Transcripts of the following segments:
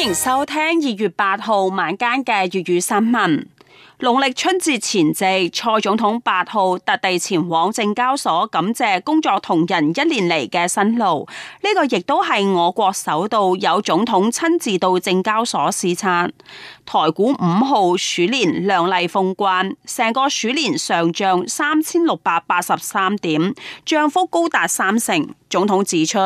歡迎收聽二月八號晚間嘅粵語新聞。農曆春節前夕，蔡總統八號特地前往證交所感謝工作同仁一年嚟嘅辛勞，呢、這個亦都係我國首度有總統親自到證交所視察。台股五號鼠年亮麗封關，成個鼠年上漲三千六百八十三點，漲幅高達三成。總統指出，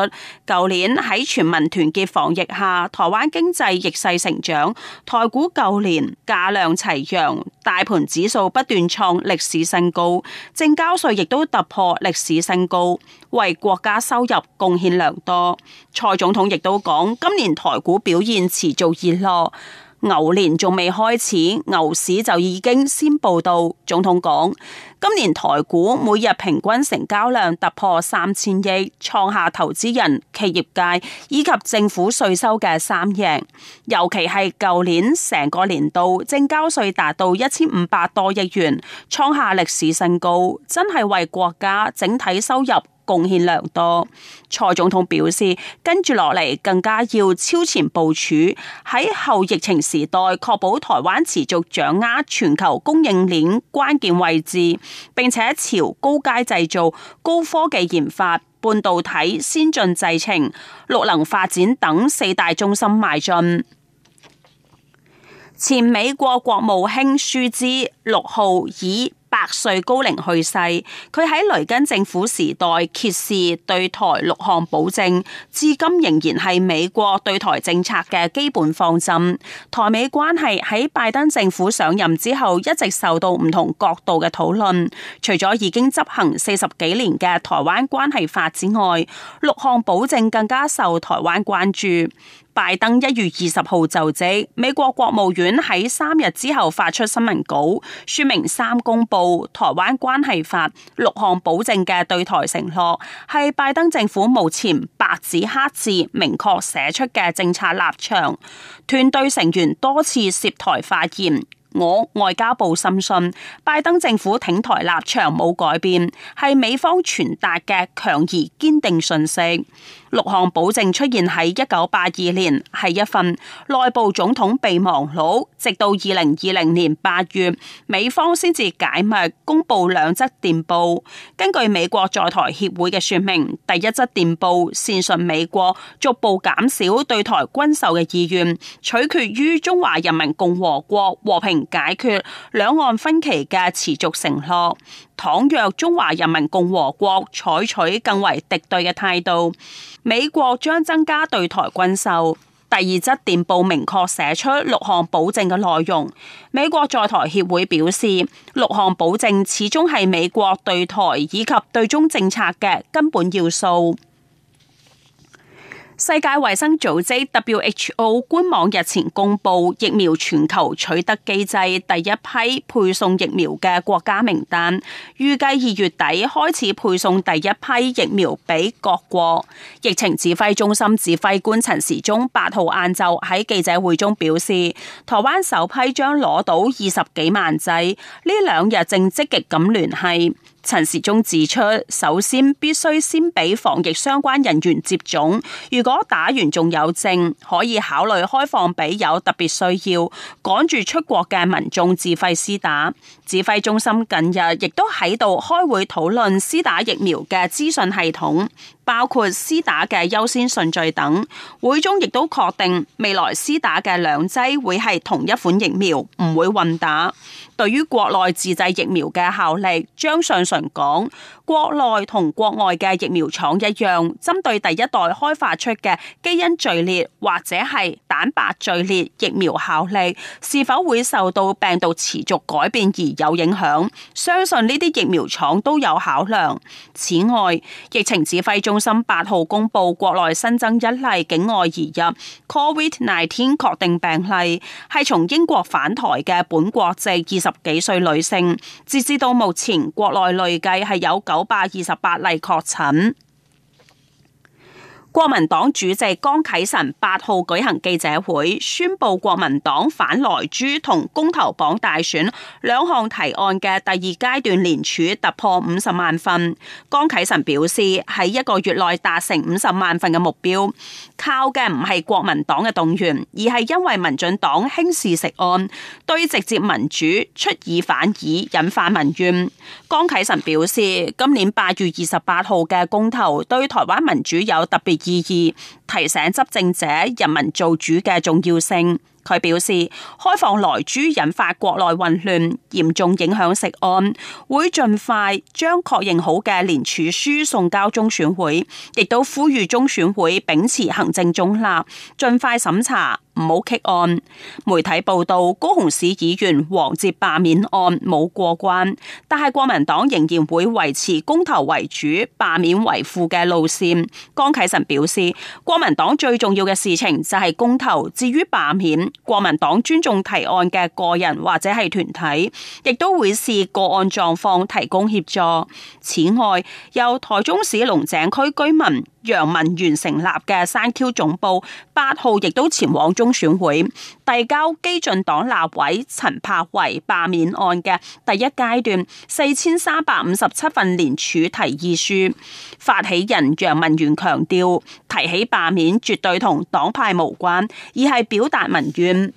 舊年喺全民團結防疫下，台灣經濟逆勢成長，台股舊年價量齊揚，大盤指數不斷創歷史新高，證交稅亦都突破歷史新高，為國家收入貢獻良多。蔡總統亦都講，今年台股表現持續熱絡。牛年仲未開始，牛市就已經先報到。總統講，今年台股每日平均成交量突破三千億，創下投資人、企業界以及政府稅收嘅三贏。尤其係舊年成個年度證交稅達到一千五百多億元，創下歷史新高，真係為國家整體收入。貢獻良多，蔡總統表示，跟住落嚟更加要超前部署，喺後疫情時代確保台灣持續掌握全球供應鏈關鍵位置，並且朝高階製造、高科技研發、半導體、先進製程、綠能發展等四大中心邁進。前美國國務卿舒茲六號以。百歲高齡去世，佢喺雷根政府時代揭示對台六項保證，至今仍然係美國對台政策嘅基本方針。台美關係喺拜登政府上任之後一直受到唔同角度嘅討論。除咗已經執行四十幾年嘅台灣關係法之外，六項保證更加受台灣關注。拜登一月二十號就職，美國國務院喺三日之後發出新聞稿，說明三公布《臺灣關係法》六項保證嘅對台承諾係拜登政府目前白紙黑字明確寫出嘅政策立場。團隊成員多次涉台發言，我外交部深信拜登政府挺台立場冇改變，係美方傳達嘅強而堅定訊息。六項保證出現喺一九八二年，係一份內部總統備忘錄，直到二零二零年八月，美方先至解密公布兩則電報。根據美國在台協會嘅說明，第一則電報，善信美國逐步減少對台軍售嘅意願，取決於中華人民共和國和平解決兩岸分歧嘅持續承諾。倘若中華人民共和國採取更為敵對嘅態度，美國將增加對台軍售，第二則電報明確寫出六項保證嘅內容。美國在台協會表示，六項保證始終係美國對台以及對中政策嘅根本要素。世界衛生組織 WHO 官網日前公布疫苗全球取得機制第一批配送疫苗嘅國家名單，預計二月底開始配送第一批疫苗俾各國。疫情指揮中心指揮官陳時中八號晏晝喺記者會中表示，台灣首批將攞到二十幾萬劑，呢兩日正積極咁聯繫。陳時中指出，首先必須先俾防疫相關人員接種，如果打完仲有剩，可以考慮開放俾有特別需要趕住出國嘅民眾自費施打。指揮中心近日亦都喺度開會討論施打疫苗嘅資訊系統，包括施打嘅優先順序等。會中亦都確定未來施打嘅兩劑會係同一款疫苗，唔會混打。對於國內自製疫苗嘅效力，張尚純講。國內同國外嘅疫苗廠一樣，針對第一代開發出嘅基因序列或者係蛋白序列疫苗效力，是否會受到病毒持續改變而有影響？相信呢啲疫苗廠都有考量。此外，疫情指揮中心八號公布國內新增一例境外移入 COVID-19 確定病例，係從英國返台嘅本國籍二十幾歲女性。截至到目前，國內累計係有九。九百二十八例確診。國民黨主席江啟臣八號舉行記者會，宣布國民黨反萊豬同公投綁大選兩項提案嘅第二階段連署突破五十萬份。江啟臣表示，喺一個月內達成五十萬份嘅目標，靠嘅唔係國民黨嘅動員，而係因為民進黨輕視食安，對直接民主出爾反爾，引發民怨。江啟臣表示，今年八月二十八號嘅公投對台灣民主有特別。意義，提醒執政者人民做主嘅重要性。佢表示開放萊豬引發國內混亂，嚴重影響食安，會盡快將確認好嘅連署書送交中選會，亦都呼籲中選會秉持行政中立，盡快審查。唔好激案。媒體報道高雄市議員黃捷罷免案冇過關，但係國民黨仍然會維持公投為主、罷免為輔嘅路線。江啟臣表示，國民黨最重要嘅事情就係公投。至於罷免，國民黨尊重提案嘅個人或者係團體亦都會視個案狀況提供協助。此外，由台中市龍井區居民楊文元成立嘅刪 Q 總部八號亦都前往中。公選會遞交基進黨立委陳柏惟罷免案嘅第一階段四千三百五十七份聯署提議書，發起人楊文元強調，提起罷免絕對同黨派無關，而係表達民怨。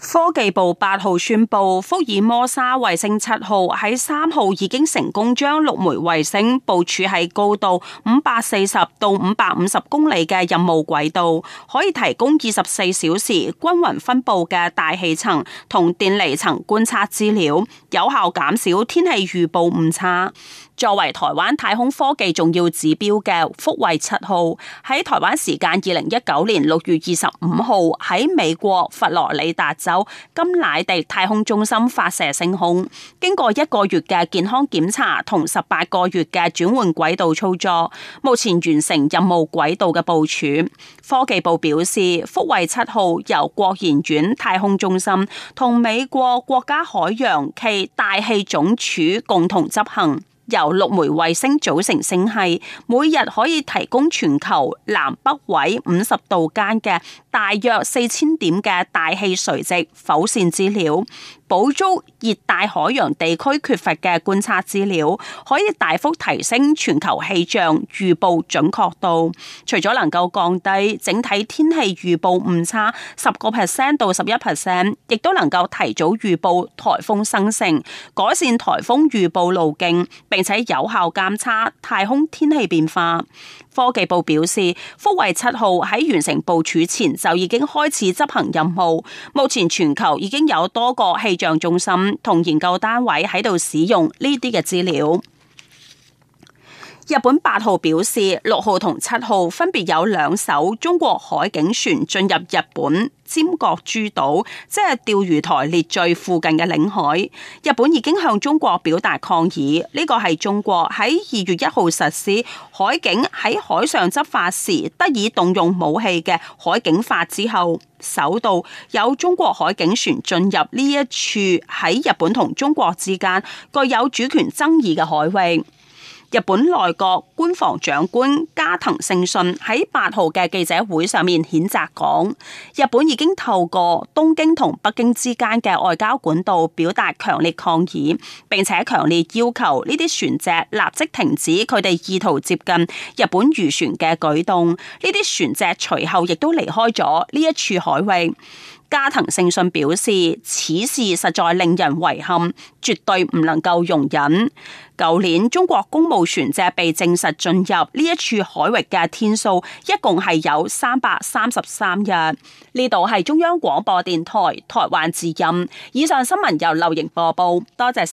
科技部八號宣布，福爾摩沙衛星七號喺三號已經成功將六枚衛星部署喺高度五百四十到五百五十公里嘅任務軌道，可以提供二十四小時均勻分布嘅大氣層同電離層觀測資料，有效減少天氣預報誤差。作為台灣太空科技重要指標嘅福衛七號，喺台灣時間二零一九年六月二十五號喺美國佛羅里達。金乃地太空中心發射升空，經過一個月嘅健康檢查同十八個月嘅轉換軌道操作，目前完成任務軌道嘅部署。科技部表示，福衛七號由國研院太空中心同美國國家海洋暨大氣總署共同執行。由六枚衛星組成星系，每日可以提供全球南北緯五十度間嘅大約四千點嘅大氣垂直剖線資料。補足熱帶海洋地區缺乏嘅觀察資料，可以大幅提升全球氣象預報準確度。除咗能夠降低整體天氣預報誤差十個 percent 到十一 percent，亦都能夠提早預報颱風生成，改善颱風預報路徑，並且有效監測太空天氣變化。科技部表示，福衛七號喺完成部署前就已經開始執行任務。目前全球已經有多個氣象中心同研究單位喺度使用呢啲嘅資料。日本八號表示，六號同七號分別有兩艘中國海警船進入日本尖閣諸島，即係釣魚台列嶼附近嘅領海。日本已經向中國表達抗議。呢個係中國喺二月一號實施海警喺海上執法時得以動用武器嘅海警法之後，首度有中國海警船進入呢一處喺日本同中國之間具有主權爭議嘅海域。日本內閣官房長官加藤勝信喺八號嘅記者會上面譴責講，日本已經透過東京同北京之間嘅外交管道表達強烈抗議，並且強烈要求呢啲船隻立即停止佢哋意圖接近日本漁船嘅舉動。呢啲船隻隨後亦都離開咗呢一處海域。加藤勝信表示，此事實在令人遺憾，絕對唔能夠容忍。舊年中國公務船隻被證實進入呢一處海域嘅天數，一共係有三百三十三日。呢度係中央廣播電台台灣之音。以上新聞由劉瑩播報，多謝。